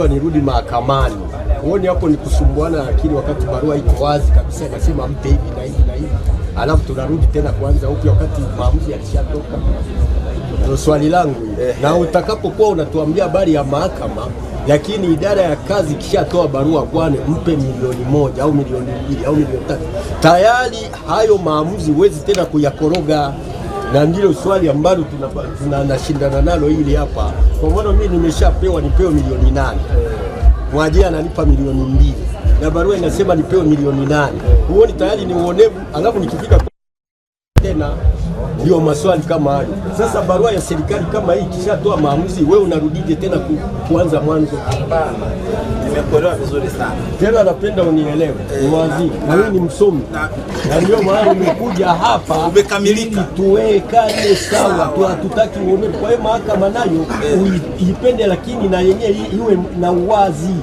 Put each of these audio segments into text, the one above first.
wanatakiwa nirudi mahakamani. Huoni hapo ni kusumbuana akili, wakati barua iko wazi kabisa inasema mpe hivi na hivi na hivi, alafu tunarudi tena kuanza upya wakati maamuzi yalishatoka. Ndio swali langu Na utakapokuwa unatuambia habari ya mahakama lakini idara ya kazi ikishatoa barua kwane mpe milioni moja au milioni mbili au milioni tatu, tayari hayo maamuzi huwezi tena kuyakoroga na ndilo swali ambalo tunashindana nalo hili hapa. Kwa mfano mimi nimeshapewa nipewe milioni nane, mwajiri ananipa milioni mbili na barua inasema nipewe milioni nane. Huoni tayari ni uonevu, alafu nikifika tena ndio maswali kama hayo. Sasa barua ya serikali kama hii ikishatoa maamuzi, wewe unarudije tena ku, kuanza mwanzo? Hapana, nimekuelewa vizuri sana. Tena napenda unielewe, eh, ni wazi na wewe ni msomi, na ndio maana umekuja hapa umekamilika, tuwekane sawa tu, hatutaki uone. Kwa hiyo mahakama nayo eh. uipende, lakini na yenyewe iwe na uwazi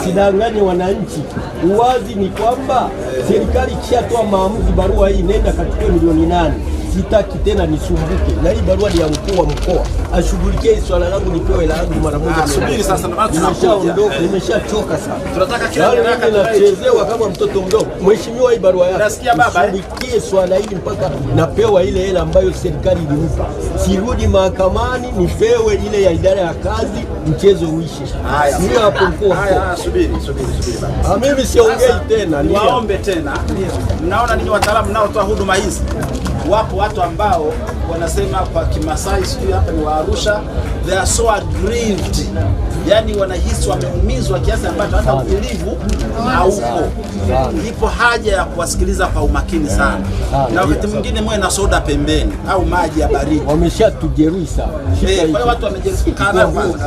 Usidanganye wananchi. Uwazi ni kwamba eh. serikali ikishatoa maamuzi, barua hii nenda kachukue milioni nane sitaki tena nisumbuke na hii barua ya mkuu wa mkoa, ashughulikie swala langu nipewe la yangu mara moja. Ah, subiri sasa, nimeshaondoka, nimeshachoka sana, tunataka kila yaani haraka tunachezewa kama mtoto mdogo. Mheshimiwa, hii barua yako eh? shughulikie swala hili mpaka napewa ile hela ambayo serikali ilinipa, sirudi mahakamani nipewe ile ya idara ya kazi, mchezo uishe. Ndio hapo mkuu. Haya, subiri subiri subiri baba, ah, mimi siongei tena, niwaombe tena, mnaona ninyi wataalamu mnaotoa huduma hizi wapo watu ambao wanasema kwa Kimasai, sijui hapa ni Waarusha, they are so aggrieved, yani wanahisi wameumizwa kiasi ambacho hata utulivu hauko. Ipo haja ya kuwasikiliza kwa umakini sana, na wakati mwingine mwe na soda pembeni au maji ya baridi. Wameshatujeruhi sana eh, kwa watu kana Kwanza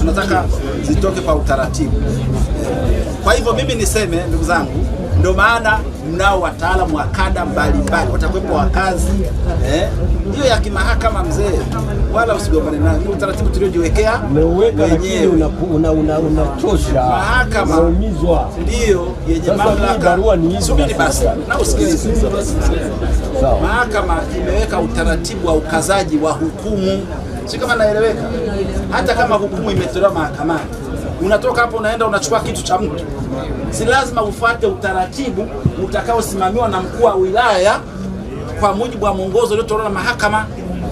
tunataka zitoke kwa utaratibu eh, Kwa hivyo mimi niseme ndugu zangu ndio maana mnao wataalamu wa kada mbalimbali, watakuwepo wa kazi eh? hiyo eh, ya kimahakama mzee, wala usigombane na Ni utaratibu tuliojiwekea wenyewe, unachosha mahakama ndiyo yenye mamlaka. hizo basi na usikilize. Mahakama imeweka utaratibu wa ukazaji wa hukumu, si kama naeleweka? Hata kama hukumu imetolewa mahakamani unatoka hapo unaenda unachukua kitu cha mtu. Si lazima ufate utaratibu utakaosimamiwa na mkuu wa wilaya kwa mujibu wa mwongozo uliotolewa na mahakama.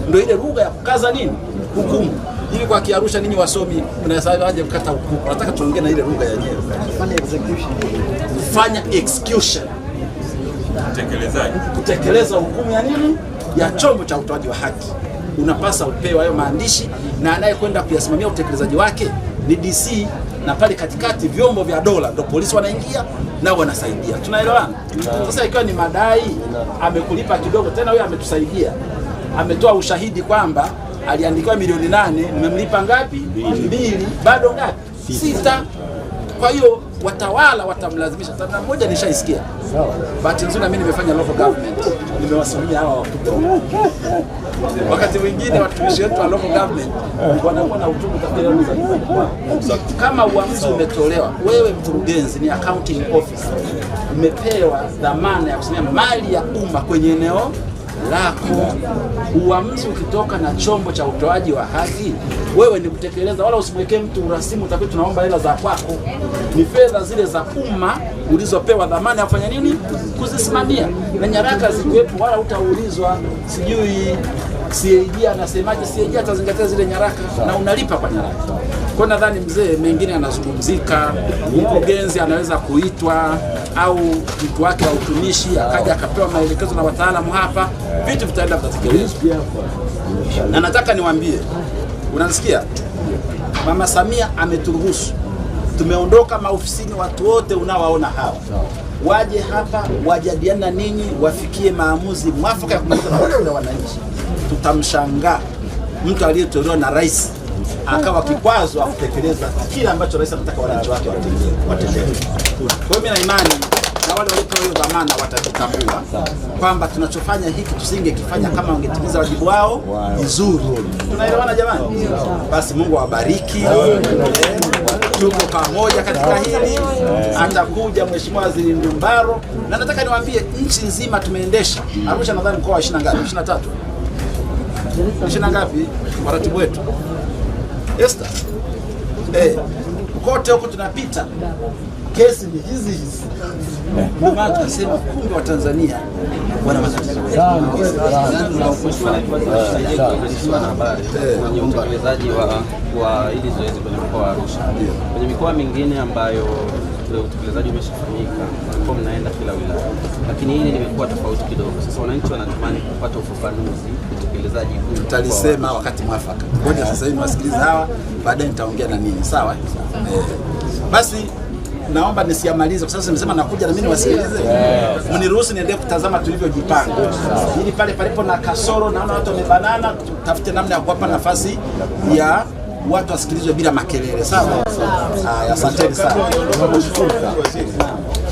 Ndio ile lugha ya kukaza nini hukumu ili kwa Kiarusha ninyi wasomi mnasaje kukata hukumu? Nataka tuongee na ile lugha yenyewe, fanya execution, fanya execution, utekelezaji, kutekeleza hukumu ya nini ya chombo cha utoaji wa haki. Unapasa upewe hayo maandishi na anayekwenda kuyasimamia utekelezaji wake ni DC na pale katikati vyombo vya dola ndo polisi wanaingia nao wanasaidia. Tunaelewana? Sasa ikiwa ni madai, amekulipa kidogo, tena huyo ametusaidia, ametoa ushahidi kwamba aliandikiwa milioni nane, nimemlipa ngapi? Mbili, bado ngapi? Sita. Kwa hiyo watawala watamlazimisha. Sababu moja nishaisikia, bahati nzuri na mimi nimefanya local government, nimewasimamia hawa watu. Wakati mwingine watumishi wetu wa local government wanakuwa na uchungu kama uamuzi umetolewa, wewe mkurugenzi ni accounting officer, umepewa dhamana ya kusimamia mali ya umma kwenye eneo lako. Uamuzi ukitoka na chombo cha utoaji wa haki, wewe ni kutekeleza, wala usimwekee mtu urasimu utakiwa tunaomba hela za kwako. Ni fedha zile za umma ulizopewa dhamana ya kufanya nini? Kuzisimamia, na nyaraka zikiwepo, wala utaulizwa sijui CAG anasemaje. CAG atazingatia zile nyaraka na unalipa kwa nyaraka. Kwa nadhani mzee mengine anazungumzika, mkurugenzi anaweza kuitwa au mtu wake wa utumishi akaja akapewa maelekezo na wataalamu hapa, vitu vitaenda vitatekelezwa. Na nataka niwaambie, unanisikia, Mama Samia ameturuhusu tumeondoka maofisini, watu wote unawaona hawa waje hapa wajadiliana ninyi, wafikie maamuzi mwafaka ya kumaliza na wananchi. Tutamshangaa mtu aliyetolewa na rais akawa kikwazo akutekeleza kile ambacho rais anataka wananchi wake watendee. Kwa hiyo mimi na imani na wale waliopewa hiyo dhamana watajitambua kwamba tunachofanya hiki tusingekifanya kama wangetimiza wajibu wao vizuri. Tunaelewana jamani? Basi Mungu awabariki. Tuko pamoja katika hili. Atakuja Mheshimiwa Waziri Ndumbaro, na nataka niwaambie nchi nzima tumeendesha Arusha, nadhani mkoa wa 20 ngapi? 23 ishirini ngapi? waratibu wetu Esther. Eh, kote huko tunapita kesi ni hizi hizi, ndio eh. maana tunasema kumbe wa Tanzania wana matatizo eh, kwenye wa hili zoezi kwenye mkoa wa Arusha, kwenye mikoa mingine ambayo na utekelezaji umeshafanyika, kwa mnaenda kila wilaya, lakini hili limekuwa tofauti kidogo. Sasa wananchi wanatamani kupata ufafanuzi utekelezaji huu. mtalisema wakati mwafaka, ngoja sasa hivi wasikilize hawa, baadaye nitaongea na ninyi, sawa? Eh, basi naomba nisiamalize kwa sababu nimesema nakuja na mimi niwasikilize, mniruhusu niendelee kutazama tulivyojipanga, ili pale palipo na kasoro, naona watu wamebanana, tafute namna ya kuwapa nafasi ya watu wasikilizwe bila makelele. Sawa, haya, asanteni sana.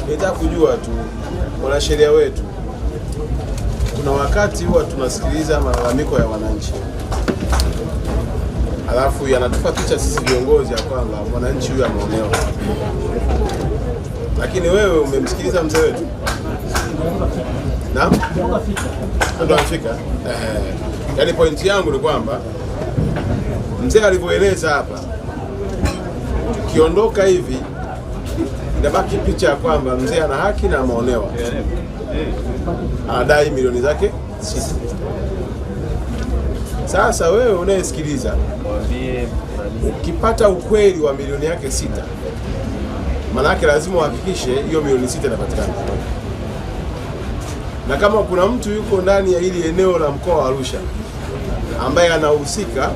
Nataka kujua tu mwanasheria wetu, kuna wakati huwa tunasikiliza malalamiko ya wananchi alafu yanatupa picha sisi viongozi ya kwamba mwananchi huyu ameonewa, lakini wewe umemsikiliza mzee wetu na ndo afika eh. Yaani pointi yangu ni kwamba mzee alivyoeleza hapa, ukiondoka hivi inabaki picha ya kwamba mzee ana haki na ameonewa, anadai milioni zake sita. Sasa wewe unayesikiliza, ukipata ukweli wa milioni yake sita, manake lazima uhakikishe hiyo milioni sita inapatikana. Na kama kuna mtu yuko ndani ya hili eneo la mkoa wa Arusha ambaye anahusika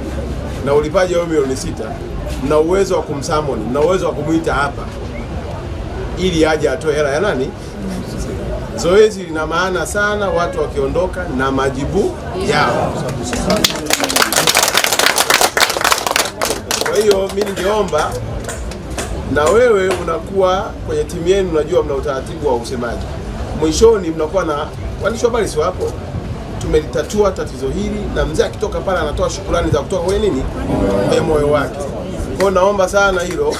na ulipaji wa milioni sita, mna uwezo wa kumsamoni, mna uwezo wa kumwita hapa ili aje atoe hela ya nani. Zoezi lina maana sana, watu wakiondoka na majibu yao. Kwa hiyo mi ningeomba na wewe unakuwa kwenye timu yenu, unajua mna utaratibu wa usemaji, mwishoni mnakuwa na waandishi wa habari, si wapo? tumelitatua tatizo hili, na mzee akitoka pale anatoa shukrani za kutoka kwenye nini, kwenye moyo wake. Kwa naomba sana hilo,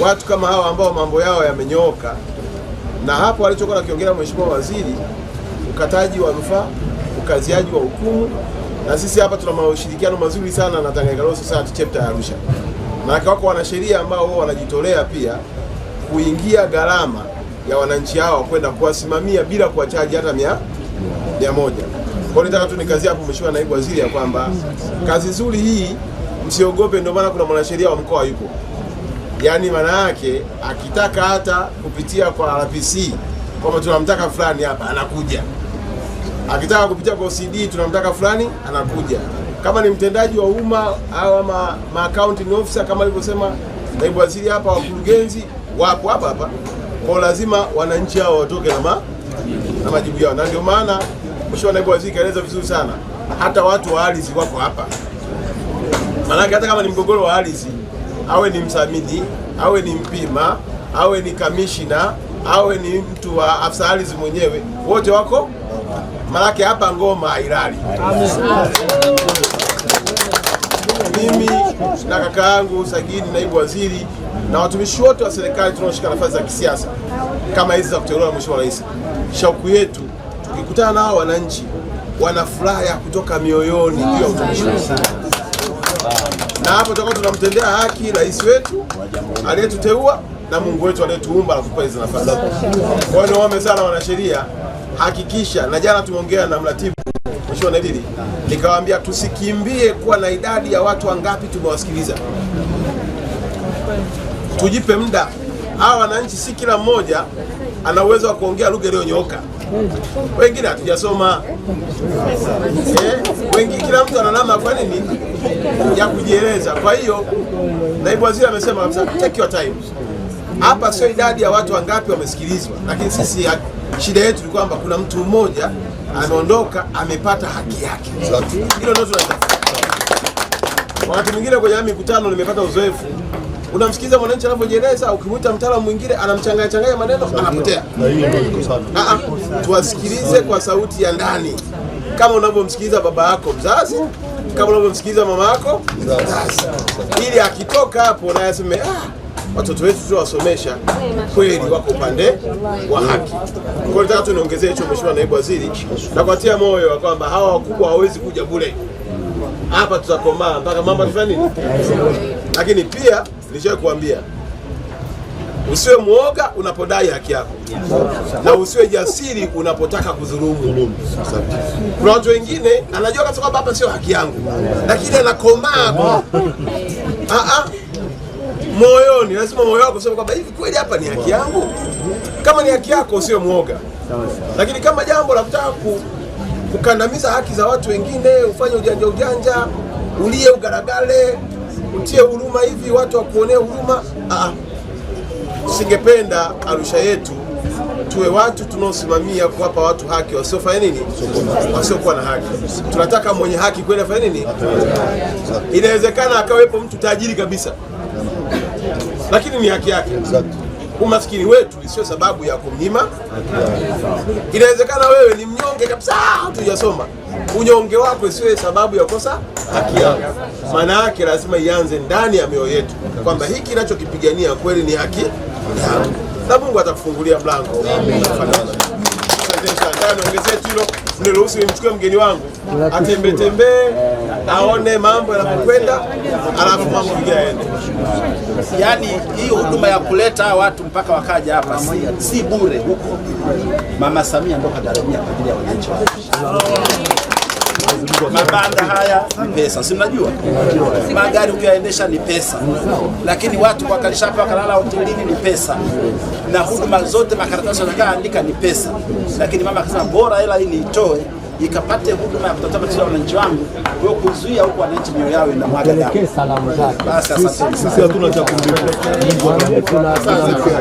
watu kama hawa ambao mambo yao yamenyooka, na hapo alichokuwa nakiongelea mheshimiwa waziri, ukataji wa rufaa, ukaziaji wa hukumu, na sisi hapa tuna mashirikiano mazuri sana na Tanganyika Law Society chapter ya Arusha, na wako wanasheria ambao wao wanajitolea pia kuingia gharama ya wananchi hao kwenda kuwasimamia bila kuwachaji hata mia moja. Kwa hiyo nataka tu nikazia hapo, Mheshimiwa Naibu Waziri, ya kwamba kazi nzuri hii, msiogope. Ndio maana kuna mwanasheria wa mkoa yuko, yaani maana yake akitaka hata kupitia kwa RPC kwamba tunamtaka fulani hapa, anakuja akitaka kupitia kwa OCD tunamtaka fulani anakuja, kama ni mtendaji wa umma au ma, ma accounting officer kama alivyosema naibu waziri hapa, wakurugenzi wapo hapa hapa, kwa lazima wananchi hao watoke na, ma, na majibu yao, na ndio maana Mheshimiwa Naibu Waziri kaeleza vizuri sana, hata watu wa ardhi wako hapa, maanake hata kama ni mgogoro wa ardhi, awe ni msamidi, awe ni mpima, awe ni kamishina, awe ni mtu wa afisa ardhi mwenyewe, wote wako maanake hapa ngoma hailali. Mimi na kaka yangu Sagini, naibu waziri, na watumishi wote wa serikali tunaoshika nafasi za kisiasa kama hizi za kuteuliwa na Mheshimiwa Rais, shauku yetu ukikutana nao wananchi wana furaha ya kutoka mioyoni juu ya utumishi na hapo tutakuwa tunamtendea haki rais wetu aliyetuteua na Mungu wetu aliyetuumba na kupa hizo nafasi. Kwa hiyo niwaombe sana wanasheria, hakikisha na jana tumeongea na mratibu Mheshimiwa Nadiri, nikawaambia tusikimbie kuwa na idadi ya watu wangapi tumewasikiliza, tujipe muda. Hawa wananchi si kila mmoja ana uwezo wa kuongea lugha iliyonyooka wengine hatujasoma eh, wengi, kila mtu ana namna kwa nini ya kujieleza. Kwa hiyo naibu waziri amesema kabisa, take your time. Hapa sio idadi ya watu wangapi wamesikilizwa, lakini sisi shida yetu ni kwamba kuna mtu mmoja ameondoka, amepata haki yake. Hilo ndio tunatafuta. Wakati mwingine kwenye mikutano nimepata uzoefu unamsikiliza mwananchi anavyojieleza, ukimwita mtaalamu mwingine anamchanganya changanya maneno anapotea. Ah, ah. Tuwasikilize kwa sauti ya ndani kama unavyomsikiliza baba yako mzazi, kama unavyomsikiliza mama yako mzazi, ili akitoka hapo naye aseme ah, watoto wetu wasomesha kweli wako upande wa haki. Kwa hiyo nataka tu niongezee hicho, Mheshimiwa Naibu Waziri, na kuatia moyo wa kwamba hawa wakubwa hawawezi kuja bure hapa, tutakomaa mpaka mambo tufanye nini, lakini pia Nilishawahi kuambia usiwe mwoga unapodai haki yako, na usiwe jasiri unapotaka kudhulumu. Kuna watu wengine anajua kabisa kwamba hapa sio haki yangu, lakini anakomaa ah, ah. moyoni. Lazima moyo wako useme kwamba hivi kweli hapa ni haki yangu. Kama ni haki yako usiwe mwoga, lakini kama jambo la kutaka kukandamiza haki za watu wengine, ufanye ujanja ujanja, ulie, ugaragale utie huruma hivi watu wakuonee huruma. Ah, ah, singependa Arusha yetu tuwe watu tunaosimamia kuwapa watu haki wasiofanya nini, wasiokuwa na haki. Tunataka mwenye haki kwenda fanya nini. Inawezekana akawepo mtu tajiri kabisa, lakini ni haki yake umaskini wetu sio sababu ya kumnyima. Inawezekana wewe ni mnyonge kabisa, hatujasoma, unyonge wako sio sababu ya kosa haki yako. Maana yake lazima ianze ndani ya mioyo yetu kwamba hiki kinachokipigania kweli ni haki yako, na Mungu atakufungulia mlango. Ongezea hilo, niruhusu nimchukue mgeni wangu atembetembee aone mambo yanapokwenda, alafu mambo mengine yaende. Yaani hii huduma ya kuleta watu mpaka wakaja hapa si, si bure huko. Mama Samia ndo kagharamia kwa ajili ya wananchi mabanda haya ni pesa, si mnajua magari ukiyaendesha ni pesa, lakini watu wakalisha hapa wakalala hotelini ni pesa, na huduma zote makaratasi andika ni pesa, lakini mama akasema bora hela hii niitoe ikapate huduma ya kutatua matatizo ya wananchi wangu, kwa kuzuia huko wananchi mioyo yao inamwaga damu. Basi asante sana. Sisi hatuna cha kumlipa.